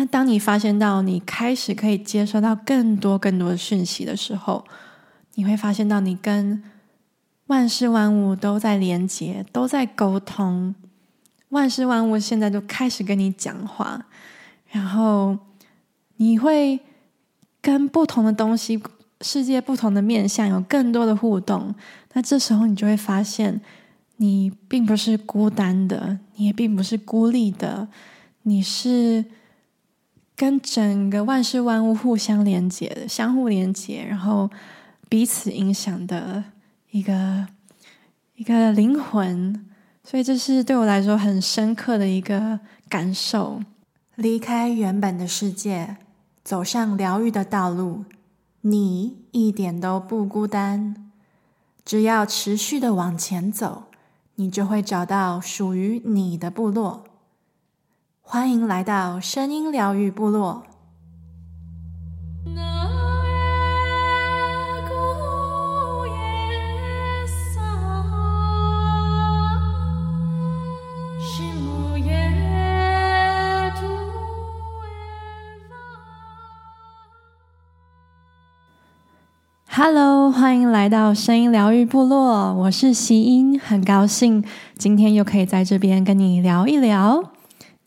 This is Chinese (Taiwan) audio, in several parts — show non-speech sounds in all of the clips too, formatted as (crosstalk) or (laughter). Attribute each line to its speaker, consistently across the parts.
Speaker 1: 那當你發現到你開始可以接收到更多更多的訊息的時候，你會發現到你跟萬事萬物都在連接，都在溝通。萬事萬物現在就開始跟你講話，然後你會跟不同的東西、世界不同的面向有更多的互動。那這時候你就會發現，你並不是孤單的，你也並不是孤立的，你是，跟整個萬事萬物互相連接、相互連接，然後彼此影響的一個一個靈魂，所以這是對我來說很深刻的一個感受。離開原本的世界，走上療癒的道路，你一點都不孤單。只要持續的往前走，你就會找到屬於你的部落。歡迎來到聲音療癒部落。哈嘍，歡迎來到聲音療癒部落，我是希音，很高興今天又可以在這邊跟你聊一聊。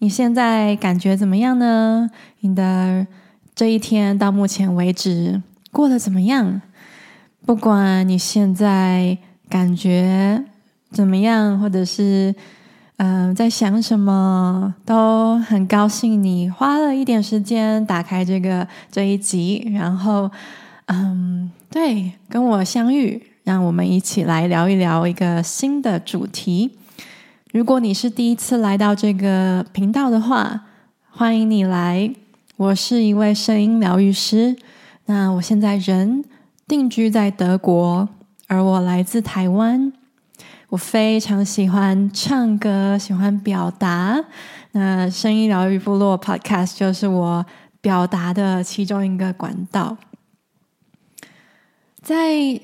Speaker 1: 你現在感覺怎麼樣呢？你的這一天到目前為止過得怎麼樣？不管你現在感覺怎麼樣，或者是嗯、呃、在想什麼，都很高興你花了一點時間打開這個這一集，然後嗯，對，跟我相遇，讓我們一起來聊一聊一個新的主題。如果你是第一次來到這個頻道的話，歡迎你來。我是一位聲音療癒師，那我現在人定居在德國，而我來自台灣。我非常喜歡唱歌，喜歡表達。那聲音療癒部落 Podcast 就是我表達的其中一個管道。在。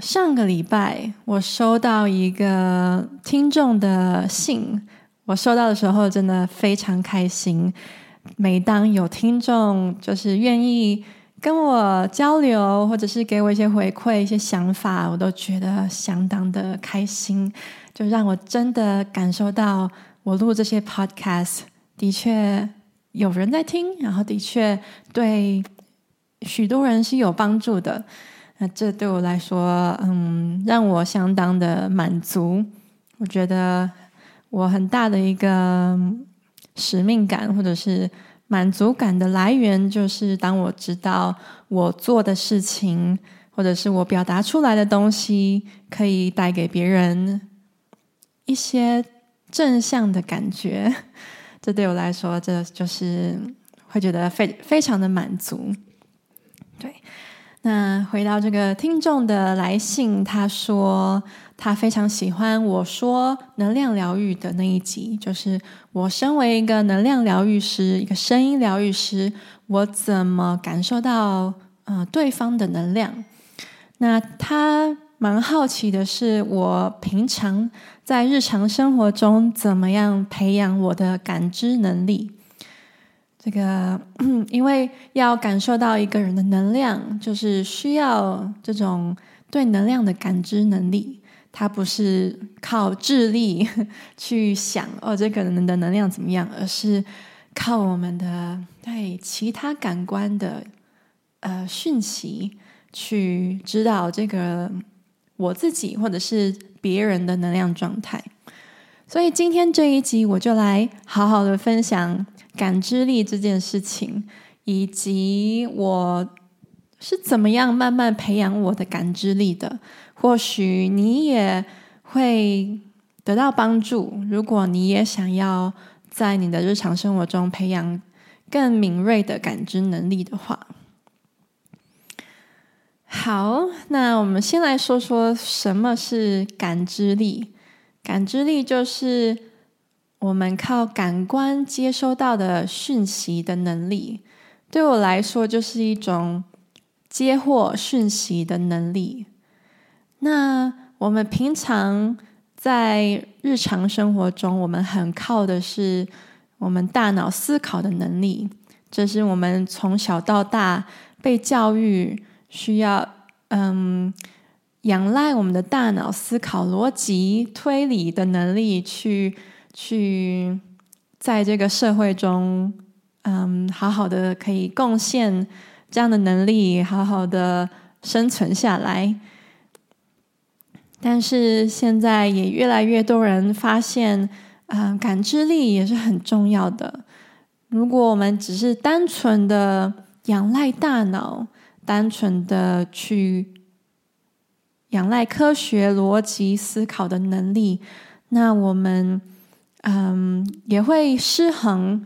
Speaker 1: 上個禮拜，我收到一個聽眾的信。我收到的時候，真的非常開心。每當有聽眾就是願意跟我交流，或者是給我一些回饋、一些想法，我都覺得相當的開心。就讓我真的感受到，我錄這些 podcast 的確有人在聽，然後的確對許多人是有幫助的。那這對我來說，嗯，讓我相當的滿足。我覺得我很大的一個使命感或者是滿足感的來源，就是當我知道我做的事情或者是我表達出來的東西，可以帶給別人一些正向的感覺，這對我來說，這就是會覺得非非常的滿足。那回到這個聽眾的來信，他說他非常喜歡我說能量療癒的那一集，就是我身為一個能量療癒師、一個聲音療癒師，我怎麼感受到呃對方的能量？那他蠻好奇的是，我平常在日常生活中怎麼樣培養我的感知能力？這個，因為要感受到一個人的能量，就是需要這種對能量的感知能力。它不是靠智力去想哦，這個人的能量怎麼樣，而是靠我們的對其他感官的呃訊息去知道這個我自己或者是別人的能量狀態。所以今天這一集，我就來好好的分享。感知力這件事情，以及我是怎麼樣慢慢培養我的感知力的，或許你也會得到幫助。如果你也想要在你的日常生活中培養更敏銳的感知能力的話，好，那我們先來說說什麼是感知力。感知力就是。我們靠感官接收到的訊息的能力，對我來說就是一種接獲訊息的能力。那我們平常在日常生活中，我們很靠的是我們大腦思考的能力，這、就是我們從小到大被教育需要，嗯，仰賴我們的大腦思考邏輯推理的能力去。去在這個社會中，嗯，好好的可以貢獻這樣的能力，好好的生存下來。但是現在也越來越多人發現，啊、嗯，感知力也是很重要的。如果我們只是單純的仰賴大腦，單純的去仰賴科學邏輯思考的能力，那我們。嗯，um, 也會失衡，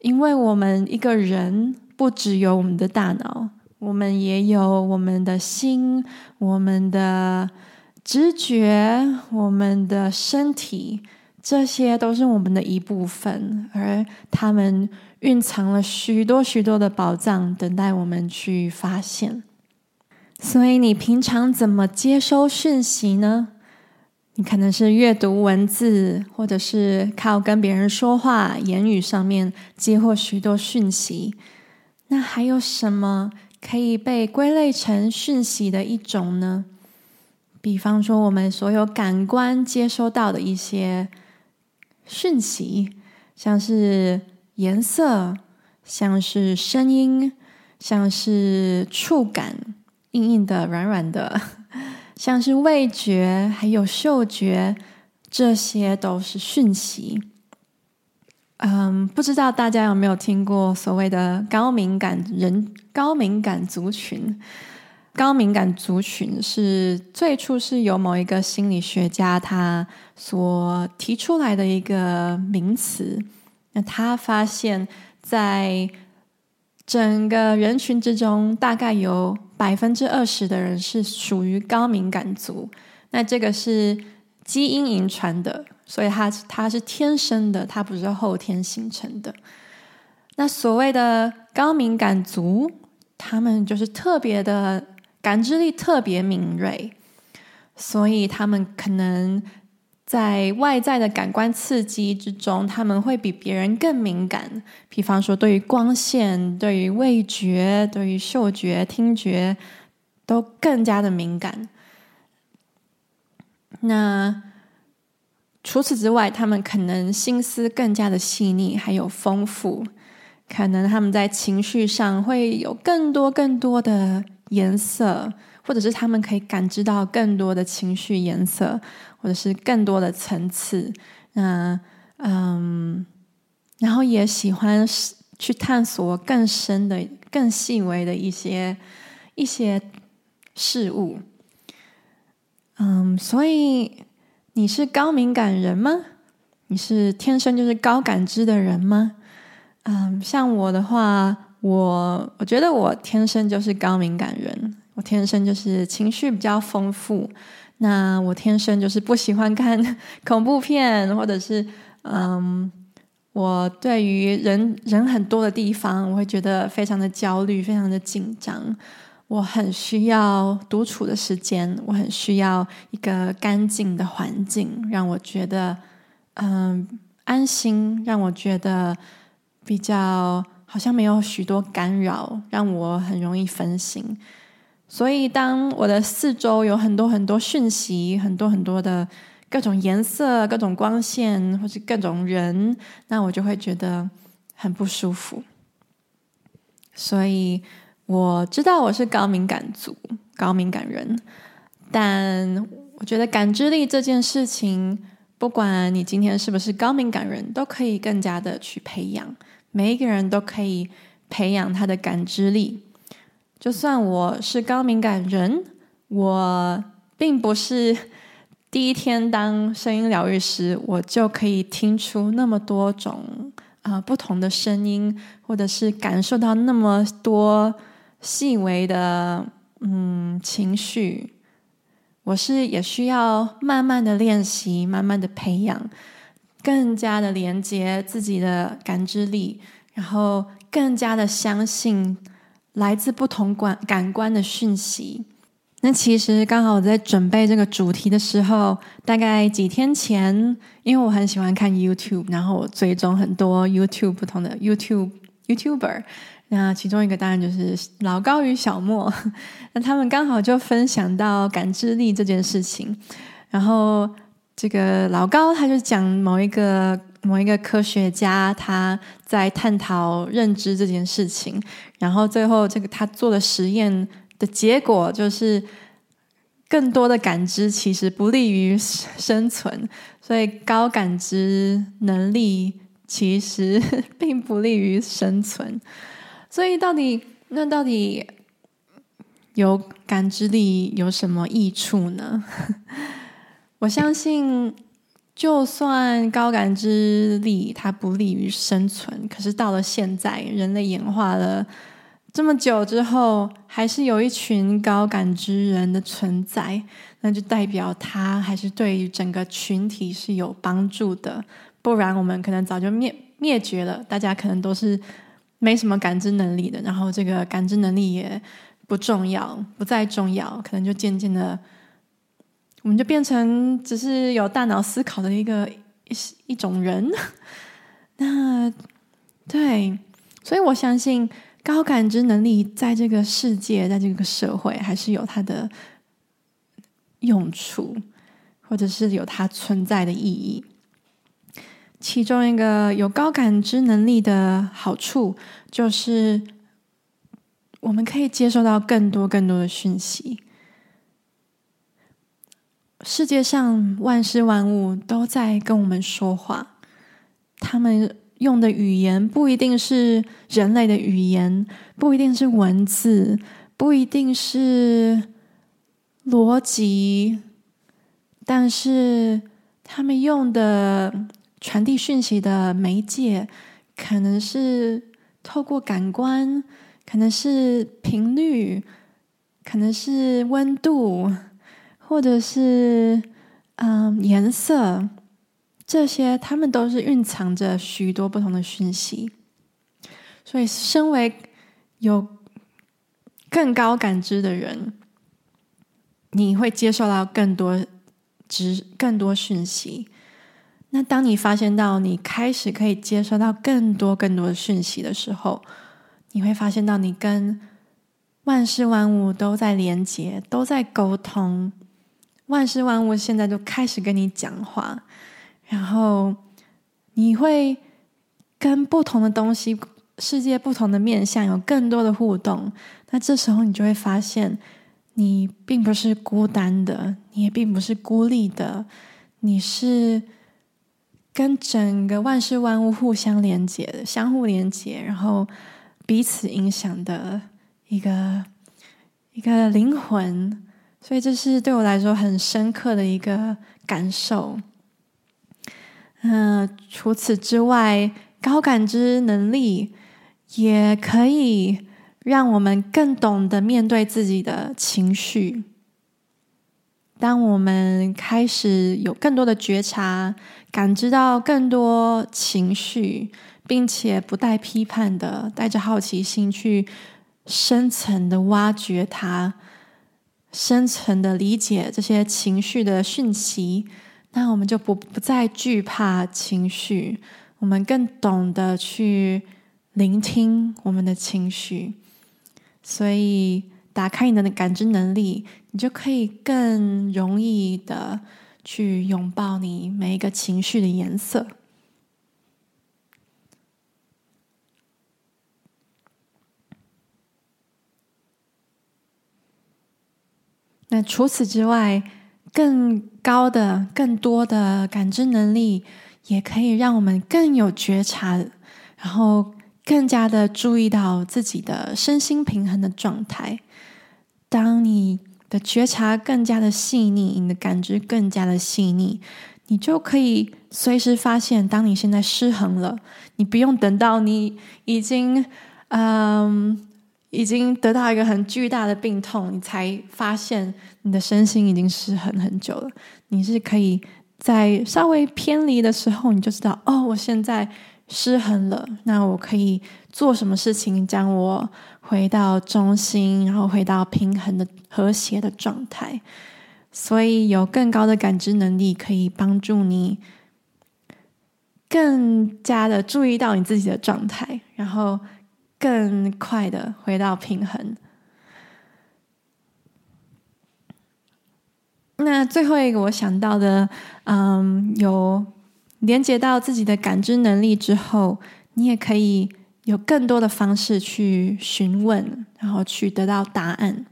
Speaker 1: 因為我們一個人不只有我們的大腦，我們也有我們的心、我們的直覺、我們的身體，這些都是我們的一部分，而他們蘊藏了許多許多的寶藏，等待我們去發現。所以，你平常怎麼接收訊息呢？你可能是閱讀文字，或者是靠跟別人說話、言語上面接獲許多訊息。那還有什麼可以被歸類成訊息的一種呢？比方說，我們所有感官接收到的一些訊息，像是顏色，像是聲音，像是觸感，硬硬的、軟軟的。像是味覺還有嗅覺，這些都是訊息。嗯、um，不知道大家有沒有聽過所謂的高敏感人、高敏感族群？高敏感族群是最初是由某一個心理學家他所提出來的一個名詞。那他發現，在整個人群之中，大概有。百分之二十的人是屬於高敏感族，那這個是基因遺傳的，所以他他是天生的，他不是後天形成的。那所謂的高敏感族，他們就是特別的，感知力特別敏銳，所以他們可能，在外在的感官刺激之中，他們會比別人更敏感。比方說，對於光線、對於味覺、對於嗅覺、聽覺，都更加的敏感。那除此之外，他們可能心思更加的細膩，還有豐富。可能他們在情緒上會有更多更多的顏色，或者是他們可以感知到更多的情緒顏色。或者是更多的層次，那，嗯，然後也喜歡去探索更深的、更細微的一些一些事物。嗯，所以你是高敏感人嗎？你是天生就是高感知的人嗎？嗯，像我的話，我我覺得我天生就是高敏感人，我天生就是情緒比較豐富。那我天生就是不喜歡看恐怖片，或者是，嗯，我對於人人很多的地方，我會覺得非常的焦慮，非常的緊張。我很需要獨處的時間，我很需要一個乾淨的環境，讓我覺得，嗯，安心，讓我覺得比較好像沒有許多干擾，讓我很容易分心。所以，當我的四周有很多很多訊息，很多很多的各種顏色、各種光線，或是各種人，那我就會覺得很不舒服。所以我知道我是高敏感族、高敏感人，但我覺得感知力這件事情，不管你今天是不是高敏感人，都可以更加的去培養。每一個人都可以培養他的感知力。就算我是高敏感人，我並不是第一天當聲音療癒師，我就可以聽出那麼多種啊、呃、不同的聲音，或者是感受到那麼多細微的嗯情緒。我是也需要慢慢的練習，慢慢的培養，更加的連接自己的感知力，然後更加的相信。來自不同感感官的訊息，那其實剛好我在準備這個主題的時候，大概幾天前，因為我很喜歡看 YouTube，然後我追蹤很多 YouTube 不同的 YouTube YouTuber，那其中一個當然就是老高與小莫，那他們剛好就分享到感知力這件事情，然後。這個老高他就講某一個某一個科學家他在探討認知這件事情，然後最後這個他做的實驗的結果就是，更多的感知其實不利於生存，所以高感知能力其實並不利於生存。所以到底那到底有感知力有什麼益處呢？我相信，就算高感知力它不利於生存，可是到了現在，人類演化了這麼久之後，還是有一群高感知人的存在，那就代表他還是對於整個群體是有幫助的。不然我們可能早就滅滅絕了。大家可能都是沒什麼感知能力的，然後這個感知能力也不重要，不再重要，可能就漸漸的。我們就變成只是有大腦思考的一個一,一種人，那對，所以我相信高感知能力在這個世界，在這個社會還是有它的用處，或者是有它存在的意義。其中一個有高感知能力的好處，就是我們可以接受到更多更多的訊息。世界上萬事萬物都在跟我們說話，他們用的語言不一定是人類的語言，不一定是文字，不一定是邏輯，但是他們用的傳遞訊息的媒介，可能是透過感官，可能是頻率，可能是溫度。或者是，嗯、呃，顏色，這些，他們都是蘊藏着許多不同的訊息。所以，身為有更高感知的人，你會接受到更多知、更多訊息。那當你發現到你開始可以接受到更多更多的訊息的時候，你會發現到你跟萬事萬物都在連接，都在溝通。萬事萬物現在就開始跟你講話，然後你會跟不同的東西、世界不同的面向有更多的互動。那這時候你就會發現，你並不是孤單的，你也並不是孤立的，你是跟整個萬事萬物互相連接、相互連接，然後彼此影響的一個一個靈魂。所以這是對我來說很深刻的一個感受。嗯、呃，除此之外，高感知能力也可以讓我們更懂得面對自己的情緒。當我們開始有更多的覺察，感知到更多情緒，並且不帶批判的，帶着好奇心去深層的挖掘它。深層的理解這些情緒的訊息，那我們就不不再懼怕情緒，我們更懂得去聆聽我們的情緒。所以，打開你的感知能力，你就可以更容易的去擁抱你每一個情緒的顏色。那除此之外，更高的、更多的感知能力，也可以讓我們更有覺察，然後更加的注意到自己的身心平衡的狀態。當你的覺察更加的細膩，你的感知更加的細膩，你就可以隨時發現，當你現在失衡了，你不用等到你已經，嗯、呃。已經得到一個很巨大的病痛，你才發現你的身心已經失衡很久了。你是可以在稍微偏離的時候，你就知道哦，我現在失衡了。那我可以做什麼事情將我回到中心，然後回到平衡的和諧的狀態？所以有更高的感知能力，可以幫助你更加的注意到你自己的狀態，然後。更快的回到平衡。那最後一個我想到的，嗯，有連接到自己的感知能力之後，你也可以有更多的方式去詢問，然後去得到答案。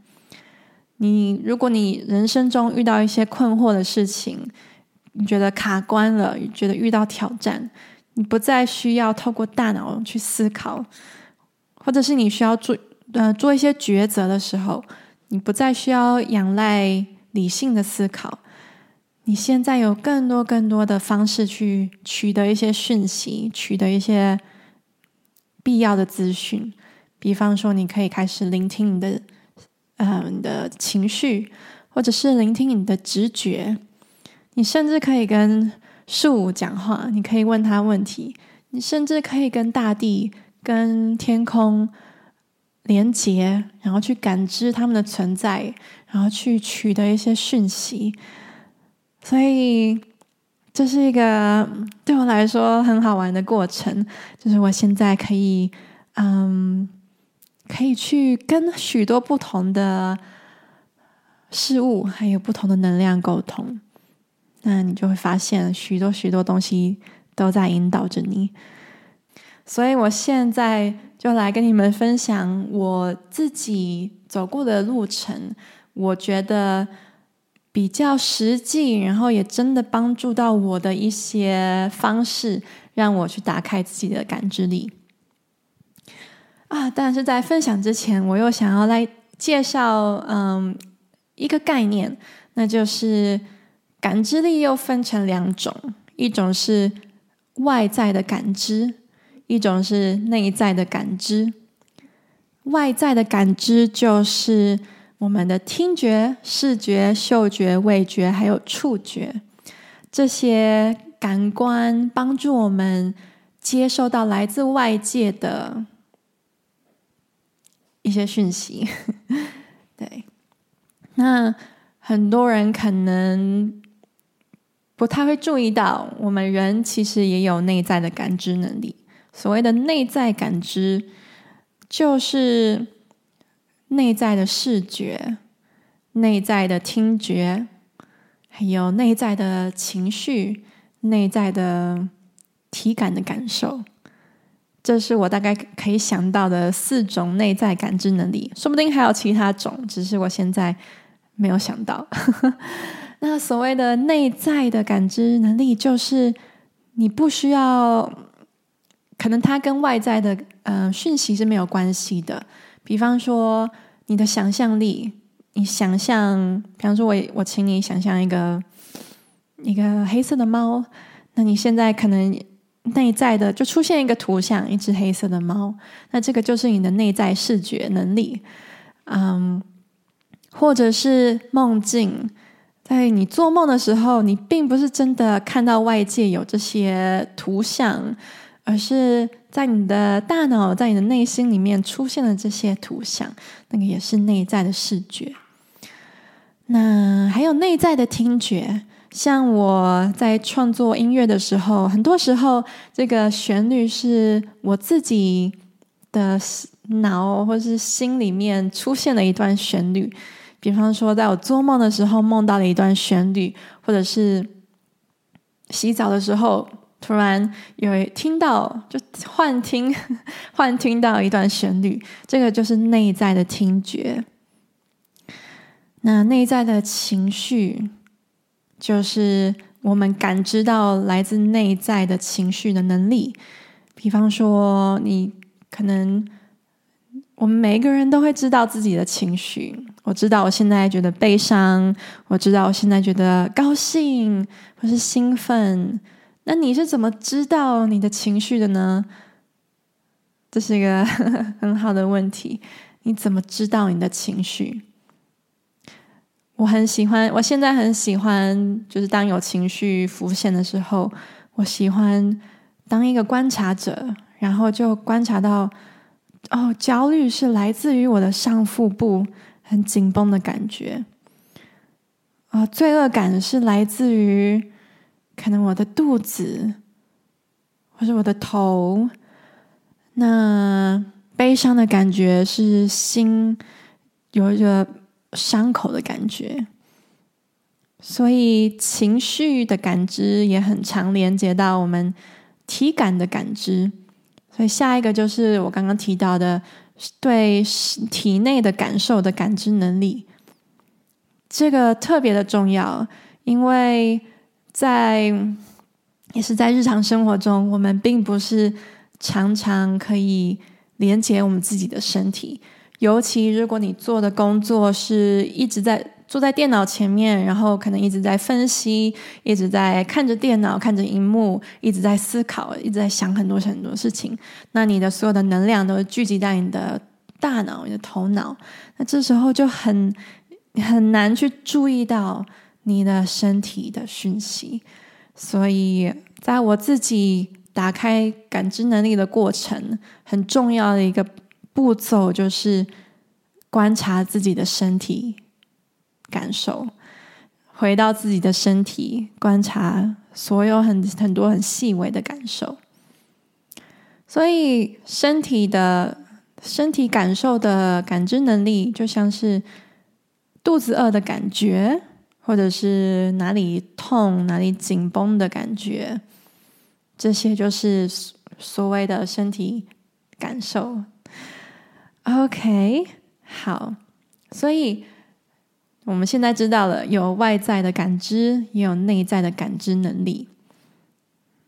Speaker 1: 你如果你人生中遇到一些困惑的事情，你覺得卡關了，你覺得遇到挑戰，你不再需要透過大腦去思考。或者是你需要做呃做一些抉擇的時候，你不再需要仰賴理性的思考，你現在有更多更多的方式去取得一些訊息，取得一些必要的資訊。比方說，你可以開始聆聽你的呃你的情緒，或者是聆聽你的直覺。你甚至可以跟樹講話，你可以問他問題，你甚至可以跟大地。跟天空連接，然後去感知他們的存在，然後去取得一些訊息。所以，這是一個對我來說很好玩的過程。就是我現在可以，嗯，可以去跟許多不同的事物還有不同的能量溝通。那你就會發現，許多許多東西都在引導着你。所以，我現在就來跟你們分享我自己走過的路程。我覺得比較實際，然後也真的幫助到我的一些方式，讓我去打開自己的感知力。啊，但是在分享之前，我又想要來介紹嗯一個概念，那就是感知力又分成兩種，一種是外在的感知。一種是內在的感知，外在的感知就是我們的聽覺、視覺、嗅覺、味覺、還有觸覺。這些感官幫助我們接受到來自外界的一些訊息。對，那很多人可能不太會注意到，我們人其實也有內在的感知能力。所謂的內在感知，就是內在的視覺、內在的聽覺，還有內在的情緒、內在的體感的感受。這是我大概可以想到的四種內在感知能力，說不定還有其他種，只是我現在沒有想到。 (laughs) 那所謂的內在的感知能力，就是你不需要。可能它跟外在的呃訊息是沒有關係的，比方說你的想象力，你想象，比方說我我請你想象一個一個黑色的貓，那你現在可能內在的就出現一個圖像，一隻黑色的貓，那這個就是你的內在視覺能力，嗯，或者是夢境，在你做夢的時候，你並不是真的看到外界有這些圖像。而是在你的大腦，在你的內心裡面出現了這些圖像，那個也是內在的視覺。那還有內在的聽覺，像我在創作音樂的時候，很多時候這個旋律是我自己的腦或是心裡面出現了一段旋律。比方說，在我做夢的時候夢到了一段旋律，或者是洗澡的時候。突然有聽到，就幻聽，幻聽到一段旋律。這個就是內在的聽覺。那內在的情緒，就是我們感知到來自內在的情緒的能力。比方說，你可能，我們每一個人都會知道自己的情緒。我知道我現在覺得悲傷，我知道我現在覺得高興，或是興奮。那你是怎麼知道你的情緒的呢？這是一個很好的問題。你怎麼知道你的情緒？我很喜歡，我現在很喜歡，就是當有情緒浮現的時候，我喜歡當一個觀察者，然後就觀察到，哦，焦慮是來自於我的上腹部很緊繃的感覺，啊、哦，罪惡感是來自於。可能我的肚子，或是我的頭，那悲傷的感覺是心有一個傷口的感覺，所以情緒的感知也很常連接到我們體感的感知。所以下一個就是我剛剛提到的，對體內的感受的感知能力，這個特別的重要，因為。在也是在日常生活中，我們並不是常常可以連接我們自己的身體。尤其如果你做的工作是一直在坐在電腦前面，然後可能一直在分析，一直在看着電腦、看着熒幕，一直在思考，一直在想很多想很多事情，那你的所有的能量都聚集在你的大腦、你的頭腦。那這時候就很很難去注意到。你的身體的訊息，所以在我自己打開感知能力的過程，很重要的一個步驟就是觀察自己的身體感受，回到自己的身體，觀察所有很很多很細微的感受。所以，身體的身體感受的感知能力，就像是肚子餓的感覺。或者是哪裡痛、哪裡緊繃的感覺，這些就是所謂的身體感受。OK，好，所以我們現在知道了，有外在的感知，也有內在的感知能力。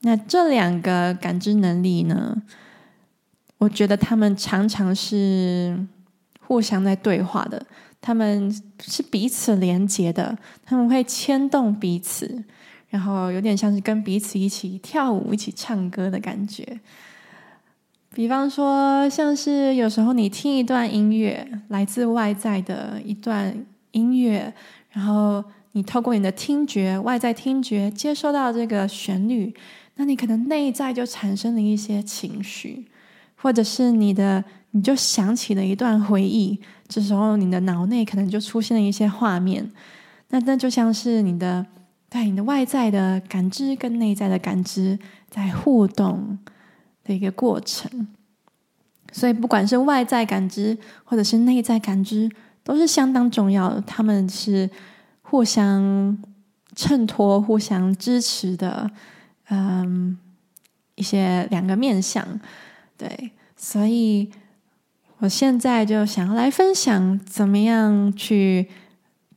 Speaker 1: 那這兩個感知能力呢，我覺得他們常常是。互相在對話的，他們是彼此連接的，他們會牽動彼此，然後有點像是跟彼此一起跳舞、一起唱歌的感覺。比方說，像是有時候你聽一段音樂，來自外在的一段音樂，然後你透過你的聽覺、外在聽覺接收到這個旋律，那你可能內在就產生了一些情緒，或者是你的。你就想起了一段回憶，這時候你的腦內可能就出現了一些畫面，那那就像是你的對你的外在的感知跟內在的感知在互動的一個過程，所以不管是外在感知或者是內在感知，都是相當重要的，他們是互相襯托、互相支持的，嗯，一些兩個面向，對，所以。我現在就想要來分享，怎麼樣去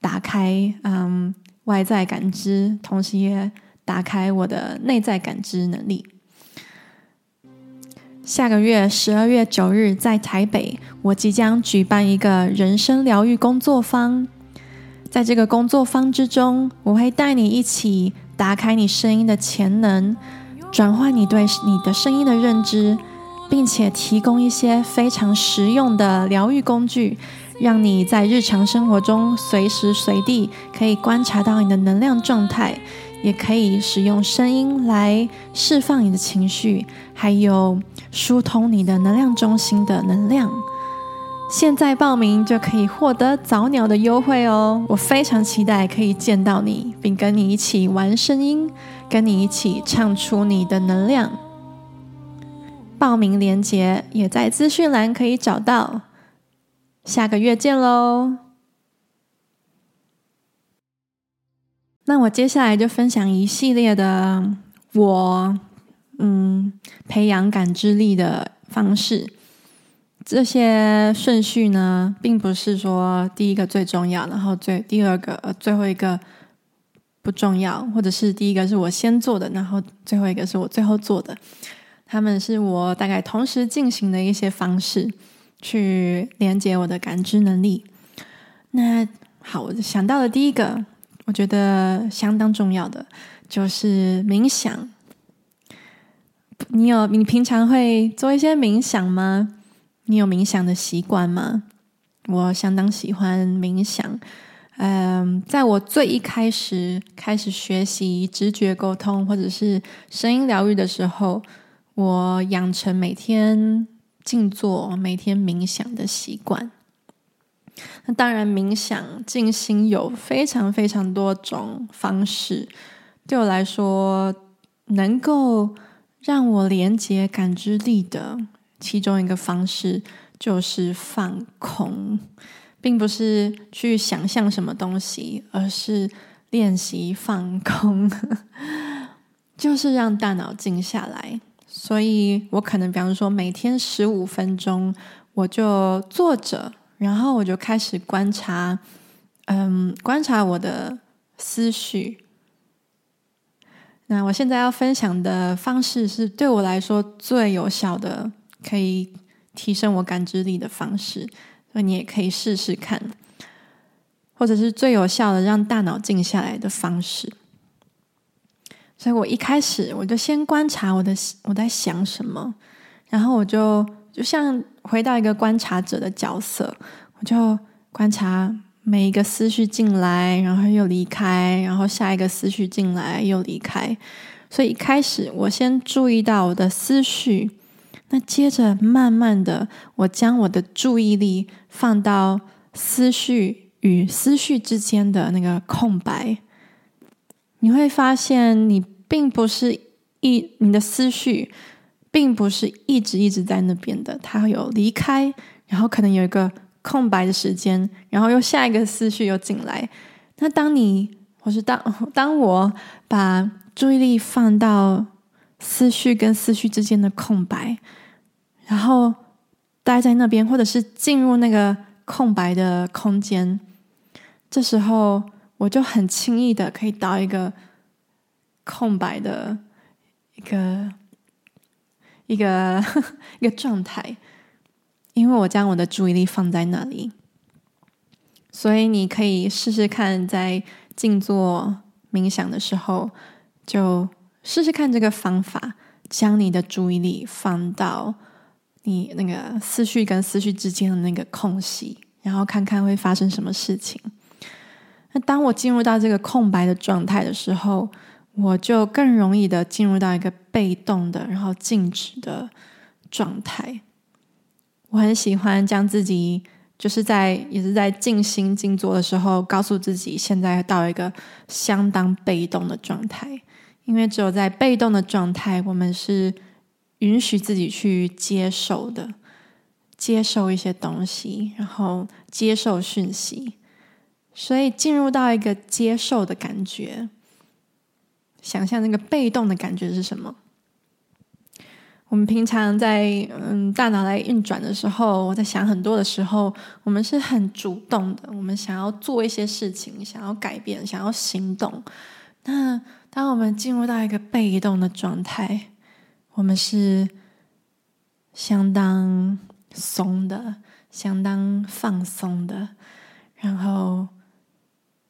Speaker 1: 打開嗯，外在感知，同時也打開我的內在感知能力。下個月十二月九日，在台北，我即將舉辦一個人聲療愈工作坊。在這個工作坊之中，我會帶你一起打開你聲音的潛能，轉換你對你的聲音的認知。並且提供一些非常實用的療癒工具，讓你在日常生活中隨時隨地可以觀察到你的能量狀態，也可以使用聲音來釋放你的情緒，還有疏通你的能量中心的能量。現在報名就可以獲得早鳥的優惠哦，我非常期待可以見到你，並跟你一起玩聲音，跟你一起唱出你的能量。報名鏈接也在資訊欄可以找到，下個月見嘍。那我接下來就分享一系列的我嗯培養感知力的方式。這些順序呢，並不是說第一個最重要，然後最第二個、呃、最後一個不重要，或者是第一個是我先做的，然後最後一個是我最後做的。他們是我大概同時進行的一些方式，去連接我的感知能力。那好，我想到了第一個，我覺得相當重要的就是冥想。你有你平常會做一些冥想嗎？你有冥想的習慣嗎？我相當喜歡冥想。嗯，在我最一開始開始學習直覺溝通或者是聲音療癒的時候，我養成每天靜坐、每天冥想的習慣。那當然，冥想、靜心有非常非常多種方式。對我來說，能夠讓我連接感知力的其中一個方式，就是放空，並不是去想象什麼東西，而是練習放空， (laughs) 就是讓大腦靜下來。所以我可能，比方說，每天十五分鐘，我就坐着，然後我就開始觀察，嗯，觀察我的思緒。那我現在要分享的方式是對我來說最有效的，可以提升我感知力的方式，所以你也可以試試看，或者是最有效的讓大腦靜下來的方式。所以我一開始，我就先觀察我的，我在想什麼，然後我就就像回到一個觀察者的角色，我就觀察每一個思緒進來，然後又離開，然後下一個思緒進來又離開。所以一開始我先注意到我的思緒，那接着慢慢的，我將我的注意力放到思緒與思緒之間的那個空白。你會發現，你並不是一，你的思緒，並不是一直一直在那邊的。它會有離開，然後可能有一個空白的時間，然後又下一個思緒又進來。那當你，或是當當我把注意力放到思緒跟思緒之間的空白，然後待在那邊，或者是進入那個空白的空間，這時候。我就很輕易的可以到一個空白的一個一個 (laughs) 一個狀態，因為我將我的注意力放在那裡。所以你可以試試看，在靜坐冥想的時候，就試試看這個方法，將你的注意力放到你那個思緒跟思緒之間的那個空隙，然後看看會發生什麼事情。當我進入到這個空白的狀態的時候，我就更容易的進入到一個被動的、然後靜止的狀態。我很喜歡將自己就是在也是在靜心靜坐的時候，告訴自己現在到一個相當被動的狀態，因為只有在被動的狀態，我們是允許自己去接受的，接受一些東西，然後接受訊息。所以進入到一個接受的感覺，想象那個被動的感覺是什麼？我們平常在嗯大腦來運轉的時候，我在想很多的時候，我們是很主動的，我們想要做一些事情，想要改變，想要行動。那當我們進入到一個被動的狀態，我們是相當鬆的，相當放鬆的，然後。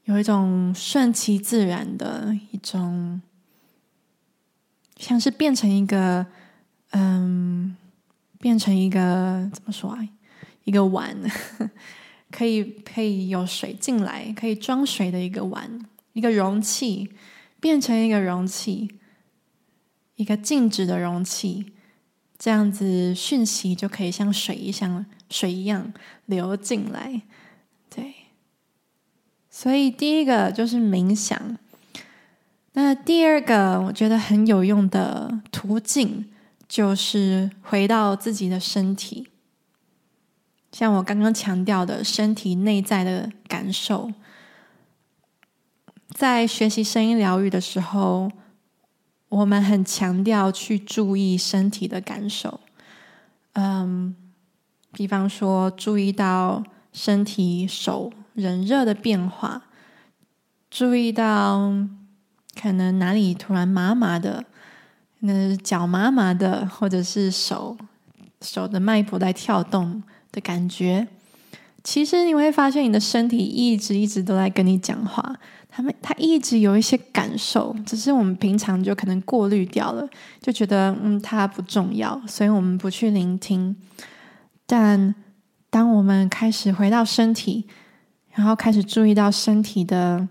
Speaker 1: 有一種順其自然的一種，像是變成一個，嗯、呃，變成一個怎麼說？啊，一個碗，可以可以有水進來，可以裝水的一個碗，一個容器，變成一個容器，一個靜止的容器，這樣子訊息就可以像水一樣，像水一樣流進來。所以，第一個就是冥想。那第二個，我覺得很有用的途徑，就是回到自己的身體。像我剛剛強調的，身體內在的感受，在學習聲音療癒的時候，我們很強調去注意身體的感受。嗯，比方說，注意到身體手。人熱的變化，注意到可能哪裡突然麻麻的，那腳麻麻的，或者是手手的脈搏在跳動的感覺。其實你會發現，你的身體一直一直都在跟你講話，他們他一直有一些感受，只是我們平常就可能過濾掉了，就覺得嗯，它不重要，所以我們不去聆聽。但當我們開始回到身體。然後開始注意到身體的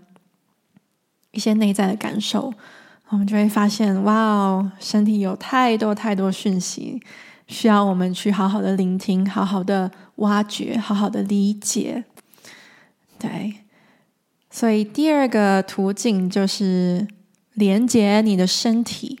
Speaker 1: 一些內在的感受，我們就會發現，哇哦，身體有太多太多訊息，需要我們去好好的聆聽、好好的挖掘、好好的理解。對，所以第二個途徑就是連接你的身體。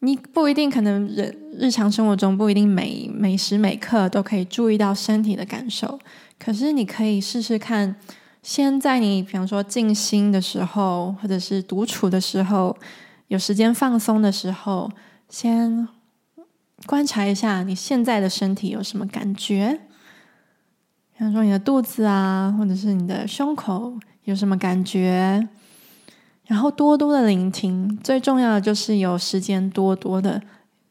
Speaker 1: 你不一定可能日日常生活中不一定每每時每刻都可以注意到身體的感受。可是你可以試試看，先在你比方說靜心的時候，或者是獨處的時候，有時間放鬆的時候，先觀察一下你現在的身體有什麼感覺，比方說你的肚子啊，或者是你的胸口有什麼感覺，然後多多的聆聽，最重要的就是有時間多多的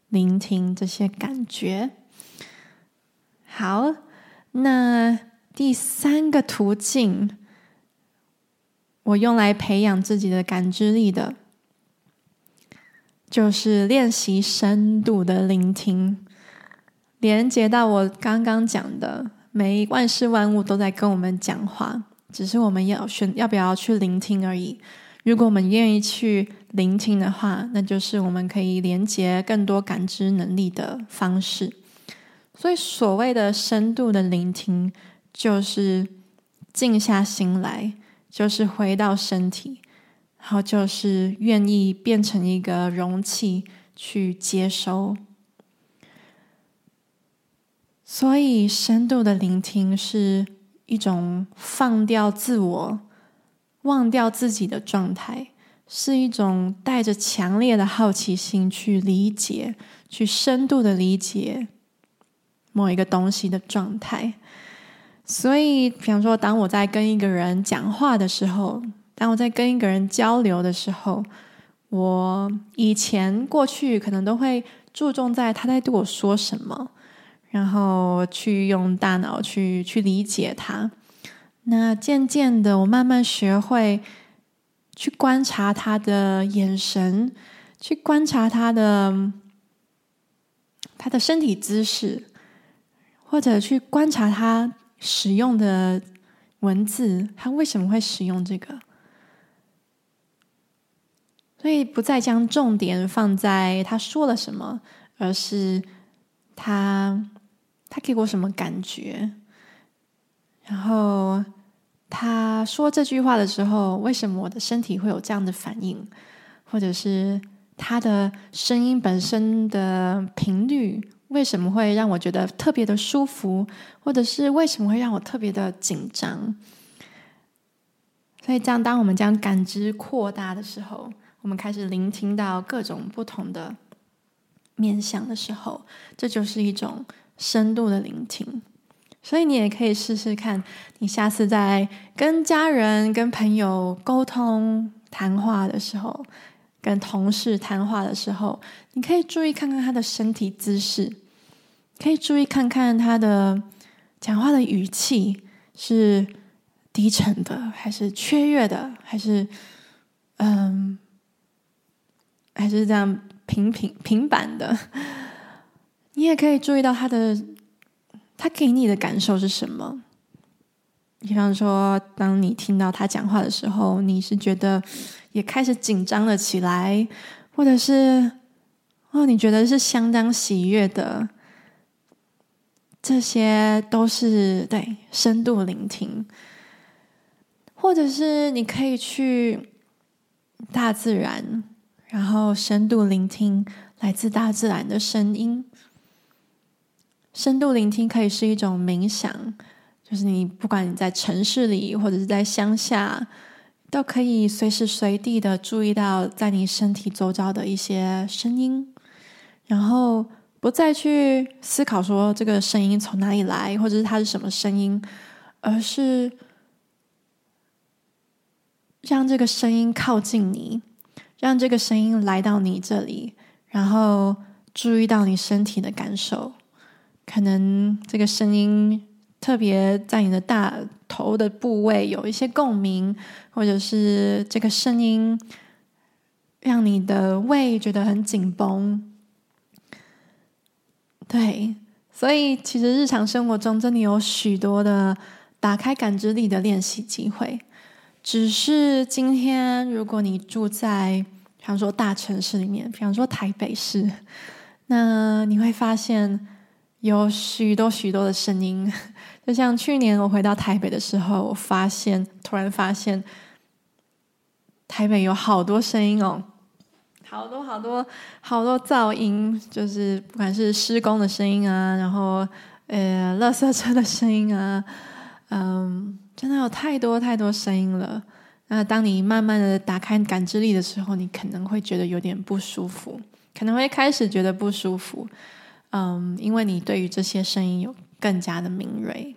Speaker 1: 聆聽這些感覺。好，那。第三個途徑，我用來培養自己的感知力的，就是練習深度的聆聽。連接到我剛剛講的，每萬事萬物都在跟我們講話，只是我們要選要不要去聆聽而已。如果我們願意去聆聽的話，那就是我們可以連接更多感知能力的方式。所以，所謂的深度的聆聽。就是靜下心來，就是回到身體，然後就是願意變成一個容器去接收。所以，深度的聆聽是一種放掉自我、忘掉自己的狀態，是一種帶着強烈的好奇心去理解、去深度的理解某一個東西的狀態。所以，比方說，當我在跟一個人講話的時候，當我在跟一個人交流的時候，我以前過去可能都會注重在他在對我說什麼，然後去用大腦去去理解他。那漸漸的，我慢慢學會去觀察他的眼神，去觀察他的他的身體姿勢，或者去觀察他。使用的文字，他為什麼會使用這個？所以不再將重點放在他說了什麼，而是他他給我什麼感覺。然後他說這句話的時候，為什麼我的身體會有這樣的反應？或者是他的聲音本身的頻率。為什麼會讓我覺得特別的舒服，或者是為什麼會讓我特別的緊張？所以，這樣當我們將感知擴大的時候，我們開始聆聽到各種不同的面向的時候，這就是一種深度的聆聽。所以，你也可以試試看，你下次再跟家人、跟朋友溝通談話的時候。跟同事談話的時候，你可以注意看看他的身體姿勢，可以注意看看他的講話的語氣是低沉的，還是雀躍的，還是嗯、呃，還是這樣平平平板的。你也可以注意到他的，他給你的感受是什麼。比方說，當你聽到他講話的時候，你是覺得也開始緊張了起來，或者是哦，你覺得是相當喜悅的，這些都是對，深度聆聽。或者是你可以去大自然，然後深度聆聽來自大自然的聲音。深度聆聽可以是一種冥想。就是你，不管你在城市裡，或者是在鄉下，都可以隨時隨地的注意到在你身體週遭的一些聲音，然後不再去思考說這個聲音從哪裡來，或者是它是什麼聲音，而是讓這個聲音靠近你，讓這個聲音來到你這裡，然後注意到你身體的感受，可能這個聲音。特別在你的大頭的部位有一些共鳴，或者是這個聲音讓你的胃覺得很緊繃。對，所以其實日常生活中真的有許多的打開感知力的練習機會。只是今天如果你住在，比方說大城市裡面，比方說台北市，那你會發現有許多許多的聲音。就像去年我回到台北的時候，我發現突然發現台北有好多聲音哦，好多好多好多噪音，就是不管是施工的聲音啊，然後呃、欸，垃圾車的聲音啊，嗯，真的有太多太多聲音了。那當你慢慢的打開感知力的時候，你可能會覺得有點不舒服，可能會開始覺得不舒服，嗯，因為你對於這些聲音有。更加的敏銳，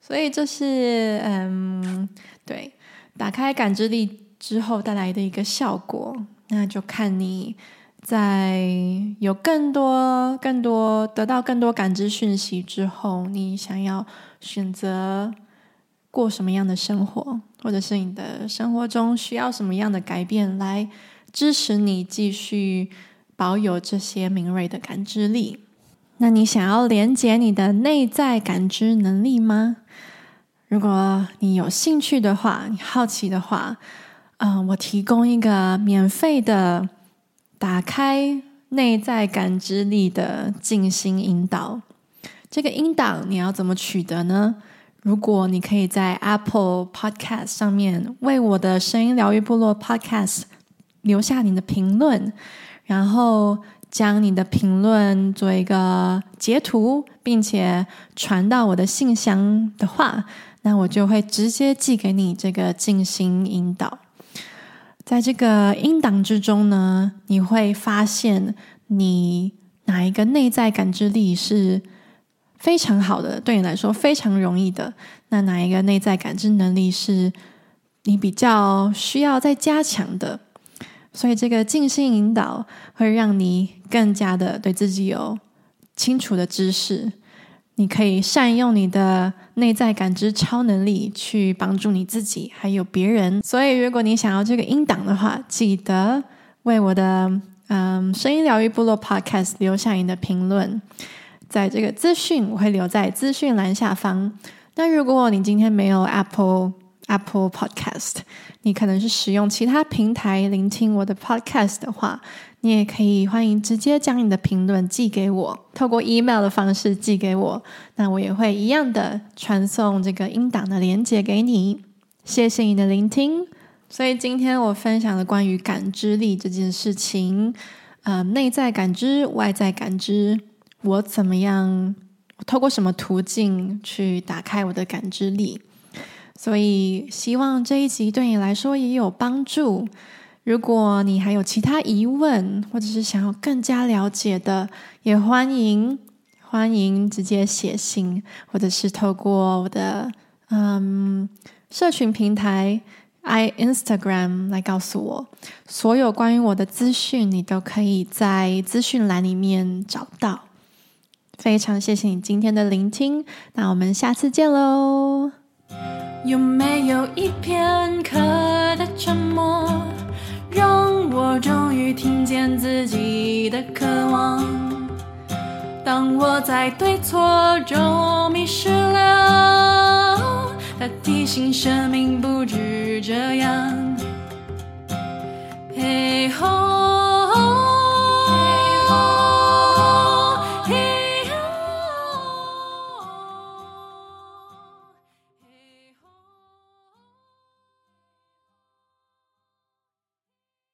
Speaker 1: 所以這是嗯，對，打開感知力之後帶來的一個效果。那就看你在有更多、更多得到更多感知訊息之後，你想要選擇過什麼樣的生活，或者是你的生活中需要什麼樣的改變，來支持你繼續保有這些敏銳的感知力。那你想要連接你的內在感知能力嗎？如果你有興趣的話，你好奇的話，呃，我提供一個免費的打開內在感知力的靜心引導。這個引導你要怎麼取得呢？如果你可以在 Apple Podcast 上面為我的聲音療癒部落 Podcast 留下你的評論，然後。將你的評論做一個截圖，並且傳到我的信箱的話，那我就會直接寄給你這個靜心引導。在這個音檔之中呢，你會發現你哪一個內在感知力是非常好的，對你來說非常容易的；那哪一個內在感知能力是你比較需要再加強的？所以這個靜心引導會讓你。更加的對自己有清楚的知識，你可以善用你的內在感知超能力去幫助你自己還有別人。所以，如果你想要這個音檔的話，記得為我的嗯、呃、聲音療癒部落 Podcast 留下你的評論，在這個資訊我會留在資訊欄下方。那如果你今天沒有 Apple Apple Podcast。你可能是使用其他平台聆聽我的 podcast 的話，你也可以歡迎直接將你的評論寄給我，透過 email 的方式寄給我，那我也會一樣的傳送這個音檔的連接給你。謝謝你的聆聽。所以今天我分享的關於感知力這件事情，呃，內在感知、外在感知，我怎麼樣，透過什麼途徑去打開我的感知力？所以，希望這一集對你來說也有幫助。如果你還有其他疑問，或者是想要更加了解的，也歡迎歡迎直接寫信，或者是透過我的嗯社群平台 i Instagram 來告訴我。所有關於我的資訊，你都可以在資訊欄裡面找到。非常謝謝你今天的聆聽，那我們下次見嘍！有沒有一片刻的沉默，讓我終於聽見自己的渴望？當我在對錯中迷失了，它提醒生命不止這樣。嘿吼。